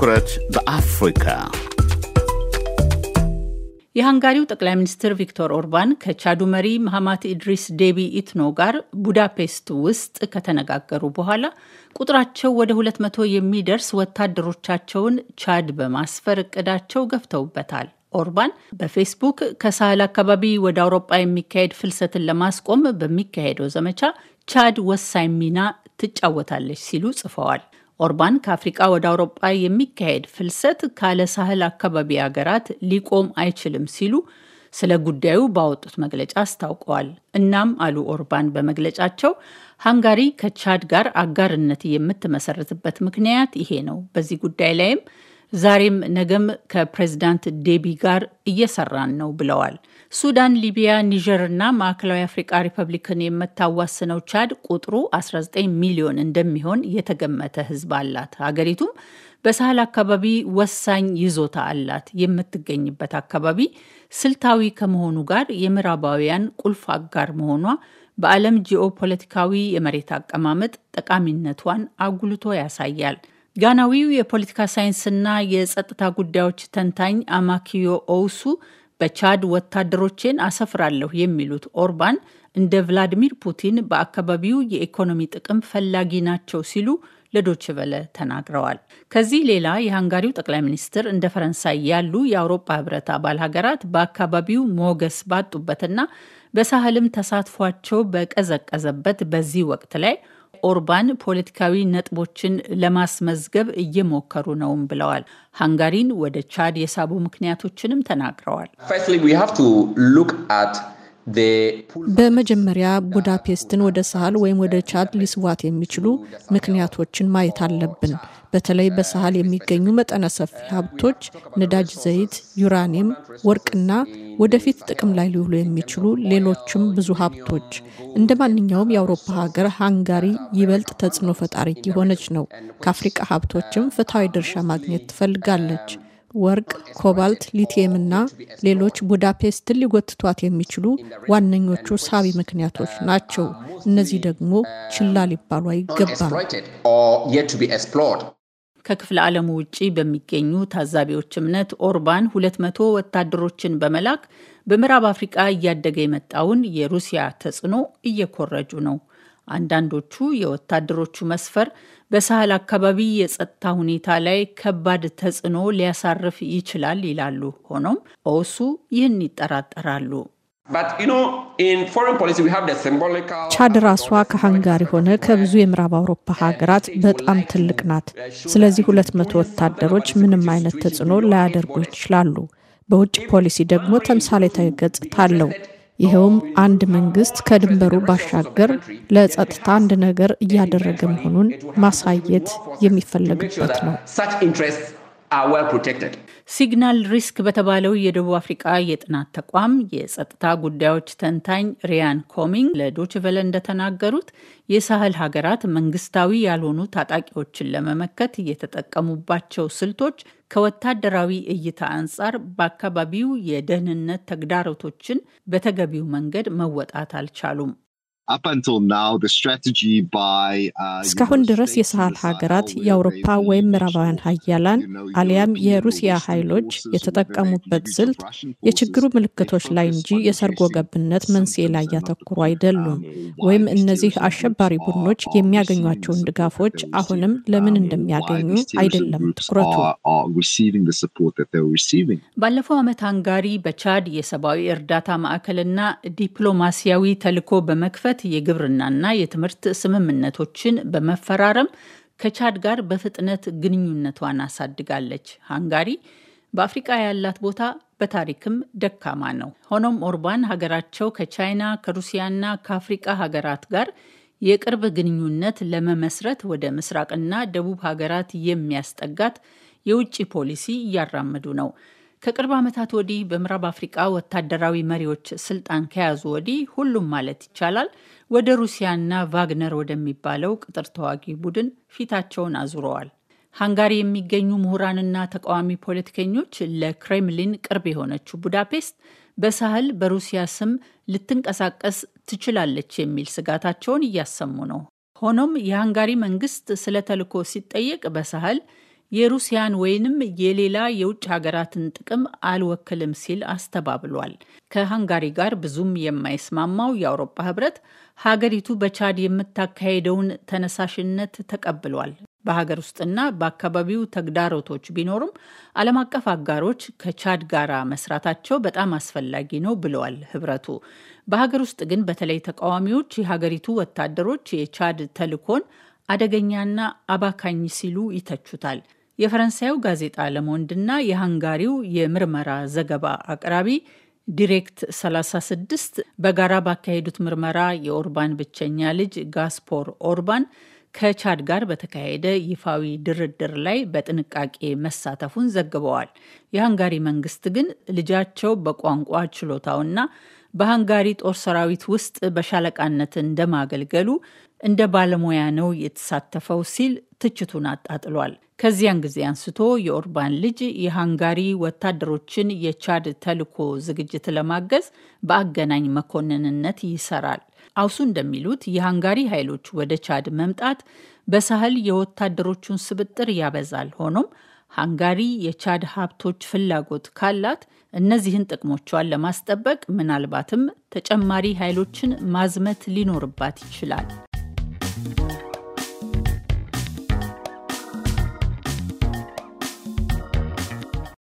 ትኩረት በአፍሪካ የሃንጋሪው ጠቅላይ ሚኒስትር ቪክቶር ኦርባን ከቻዱ መሪ መሐማት ኢድሪስ ዴቢ ኢትኖ ጋር ቡዳፔስት ውስጥ ከተነጋገሩ በኋላ ቁጥራቸው ወደ 200 የሚደርስ ወታደሮቻቸውን ቻድ በማስፈር እቅዳቸው ገፍተውበታል። ኦርባን በፌስቡክ ከሳህል አካባቢ ወደ አውሮጳ የሚካሄድ ፍልሰትን ለማስቆም በሚካሄደው ዘመቻ ቻድ ወሳኝ ሚና ትጫወታለች ሲሉ ጽፈዋል። ኦርባን ከአፍሪቃ ወደ አውሮጳ የሚካሄድ ፍልሰት ካለ ሳህል አካባቢ ሀገራት ሊቆም አይችልም ሲሉ ስለ ጉዳዩ ባወጡት መግለጫ አስታውቀዋል። እናም አሉ ኦርባን በመግለጫቸው ሃንጋሪ ከቻድ ጋር አጋርነት የምትመሰርትበት ምክንያት ይሄ ነው። በዚህ ጉዳይ ላይም ዛሬም ነገም ከፕሬዝዳንት ዴቢ ጋር እየሰራን ነው ብለዋል። ሱዳን፣ ሊቢያ፣ ኒጀርና ማዕከላዊ አፍሪቃ ሪፐብሊክን የምታዋስነው ቻድ ቁጥሩ 19 ሚሊዮን እንደሚሆን የተገመተ ህዝብ አላት። ሀገሪቱም በሳህል አካባቢ ወሳኝ ይዞታ አላት። የምትገኝበት አካባቢ ስልታዊ ከመሆኑ ጋር የምዕራባውያን ቁልፍ አጋር መሆኗ በዓለም ጂኦፖለቲካዊ የመሬት አቀማመጥ ጠቃሚነቷን አጉልቶ ያሳያል። ጋናዊው የፖለቲካ ሳይንስና የጸጥታ ጉዳዮች ተንታኝ አማኪዮ ኦውሱ በቻድ ወታደሮቼን አሰፍራለሁ የሚሉት ኦርባን እንደ ቭላዲሚር ፑቲን በአካባቢው የኢኮኖሚ ጥቅም ፈላጊ ናቸው ሲሉ በለ ተናግረዋል። ከዚህ ሌላ የሃንጋሪው ጠቅላይ ሚኒስትር እንደ ፈረንሳይ ያሉ የአውሮፓ ህብረት አባል ሀገራት በአካባቢው ሞገስ ባጡበትና በሳህልም ተሳትፏቸው በቀዘቀዘበት በዚህ ወቅት ላይ ኦርባን ፖለቲካዊ ነጥቦችን ለማስመዝገብ እየሞከሩ ነውም ብለዋል። ሃንጋሪን ወደ ቻድ የሳቡ ምክንያቶችንም ተናግረዋል። በመጀመሪያ ቡዳፔስትን ወደ ሳህል ወይም ወደ ቻድ ሊስዋት የሚችሉ ምክንያቶችን ማየት አለብን። በተለይ በሳህል የሚገኙ መጠነ ሰፊ ሀብቶች ነዳጅ፣ ዘይት፣ ዩራኒየም፣ ወርቅና ወደፊት ጥቅም ላይ ሊውሉ የሚችሉ ሌሎችም ብዙ ሀብቶች እንደ ማንኛውም የአውሮፓ ሀገር ሃንጋሪ ይበልጥ ተጽዕኖ ፈጣሪ የሆነች ነው። ከአፍሪቃ ሀብቶችም ፍትሐዊ ድርሻ ማግኘት ትፈልጋለች። ወርቅ፣ ኮባልት፣ ሊቲየም እና ሌሎች ቡዳፔስትን ሊጎትቷት የሚችሉ ዋነኞቹ ሳቢ ምክንያቶች ናቸው። እነዚህ ደግሞ ችላ ሊባሉ አይገባም። ከክፍለ ዓለሙ ውጪ በሚገኙ ታዛቢዎች እምነት ኦርባን 200 ወታደሮችን በመላክ በምዕራብ አፍሪቃ እያደገ የመጣውን የሩሲያ ተጽዕኖ እየኮረጁ ነው። አንዳንዶቹ የወታደሮቹ መስፈር በሳህል አካባቢ የጸጥታ ሁኔታ ላይ ከባድ ተጽዕኖ ሊያሳርፍ ይችላል ይላሉ። ሆኖም ኦሱ ይህን ይጠራጠራሉ። ቻድ ራሷ ከሃንጋሪ ሆነ ከብዙ የምዕራብ አውሮፓ ሀገራት በጣም ትልቅ ናት። ስለዚህ ሁለት መቶ ወታደሮች ምንም አይነት ተጽዕኖ ላያደርጉ ይችላሉ። በውጭ ፖሊሲ ደግሞ ተምሳሌታዊ ገጽታ አለው። ይኸውም አንድ መንግስት ከድንበሩ ባሻገር ለጸጥታ አንድ ነገር እያደረገ መሆኑን ማሳየት የሚፈለግበት ነው። ሲግናል ሪስክ በተባለው የደቡብ አፍሪቃ የጥናት ተቋም የጸጥታ ጉዳዮች ተንታኝ ሪያን ኮሚንግ ለዶችቨለ እንደተናገሩት የሳህል ሀገራት መንግስታዊ ያልሆኑ ታጣቂዎችን ለመመከት የተጠቀሙባቸው ስልቶች ከወታደራዊ እይታ አንጻር በአካባቢው የደህንነት ተግዳሮቶችን በተገቢው መንገድ መወጣት አልቻሉም። Uh, እስካሁን ድረስ የሰዓት ሀገራት የአውሮፓ ወይም ምዕራባውያን ሀያላን አሊያም የሩሲያ ኃይሎች የተጠቀሙበት ስልት የችግሩ ምልክቶች ላይ እንጂ የሰርጎ ገብነት መንስኤ ላይ ያተኩሩ አይደሉም። ወይም እነዚህ አሸባሪ ቡድኖች የሚያገኟቸውን ድጋፎች አሁንም ለምን እንደሚያገኙ አይደለም ትኩረቱ። ባለፈው ዓመት አንጋሪ በቻድ የሰብአዊ እርዳታ ማዕከልና ዲፕሎማሲያዊ ተልዕኮ በመክፈት መሰረት የግብርናና የትምህርት ስምምነቶችን በመፈራረም ከቻድ ጋር በፍጥነት ግንኙነቷን አሳድጋለች። ሃንጋሪ በአፍሪቃ ያላት ቦታ በታሪክም ደካማ ነው። ሆኖም ኦርባን ሀገራቸው ከቻይና ከሩሲያና ከአፍሪቃ ሀገራት ጋር የቅርብ ግንኙነት ለመመስረት ወደ ምስራቅና ደቡብ ሀገራት የሚያስጠጋት የውጭ ፖሊሲ እያራመዱ ነው። ከቅርብ ዓመታት ወዲህ በምዕራብ አፍሪቃ ወታደራዊ መሪዎች ስልጣን ከያዙ ወዲህ ሁሉም ማለት ይቻላል ወደ ሩሲያና ቫግነር ወደሚባለው ቅጥር ተዋጊ ቡድን ፊታቸውን አዙረዋል። ሃንጋሪ የሚገኙ ምሁራንና ተቃዋሚ ፖለቲከኞች ለክሬምሊን ቅርብ የሆነችው ቡዳፔስት በሳህል በሩሲያ ስም ልትንቀሳቀስ ትችላለች የሚል ስጋታቸውን እያሰሙ ነው። ሆኖም የሃንጋሪ መንግስት ስለ ተልዕኮ ሲጠየቅ በሳህል የሩሲያን ወይንም የሌላ የውጭ ሀገራትን ጥቅም አልወክልም ሲል አስተባብሏል። ከሃንጋሪ ጋር ብዙም የማይስማማው የአውሮፓ ህብረት ሀገሪቱ በቻድ የምታካሄደውን ተነሳሽነት ተቀብሏል። በሀገር ውስጥና በአካባቢው ተግዳሮቶች ቢኖሩም ዓለም አቀፍ አጋሮች ከቻድ ጋር መስራታቸው በጣም አስፈላጊ ነው ብለዋል ህብረቱ። በሀገር ውስጥ ግን በተለይ ተቃዋሚዎች የሀገሪቱ ወታደሮች የቻድ ተልዕኮን አደገኛና አባካኝ ሲሉ ይተቹታል። የፈረንሳዩ ጋዜጣ ለሞንድና የሃንጋሪው የምርመራ ዘገባ አቅራቢ ዲሬክት 36 በጋራ ባካሄዱት ምርመራ የኦርባን ብቸኛ ልጅ ጋስፖር ኦርባን ከቻድ ጋር በተካሄደ ይፋዊ ድርድር ላይ በጥንቃቄ መሳተፉን ዘግበዋል። የሃንጋሪ መንግስት ግን ልጃቸው በቋንቋ ችሎታውና በሃንጋሪ ጦር ሰራዊት ውስጥ በሻለቃነት እንደማገልገሉ እንደ ባለሙያ ነው የተሳተፈው ሲል ትችቱን አጣጥሏል። ከዚያን ጊዜ አንስቶ የኦርባን ልጅ የሃንጋሪ ወታደሮችን የቻድ ተልኮ ዝግጅት ለማገዝ በአገናኝ መኮንንነት ይሰራል። አውሱ እንደሚሉት የሃንጋሪ ኃይሎች ወደ ቻድ መምጣት በሳህል የወታደሮቹን ስብጥር ያበዛል። ሆኖም ሃንጋሪ የቻድ ሀብቶች ፍላጎት ካላት እነዚህን ጥቅሞቿን ለማስጠበቅ ምናልባትም ተጨማሪ ኃይሎችን ማዝመት ሊኖርባት ይችላል።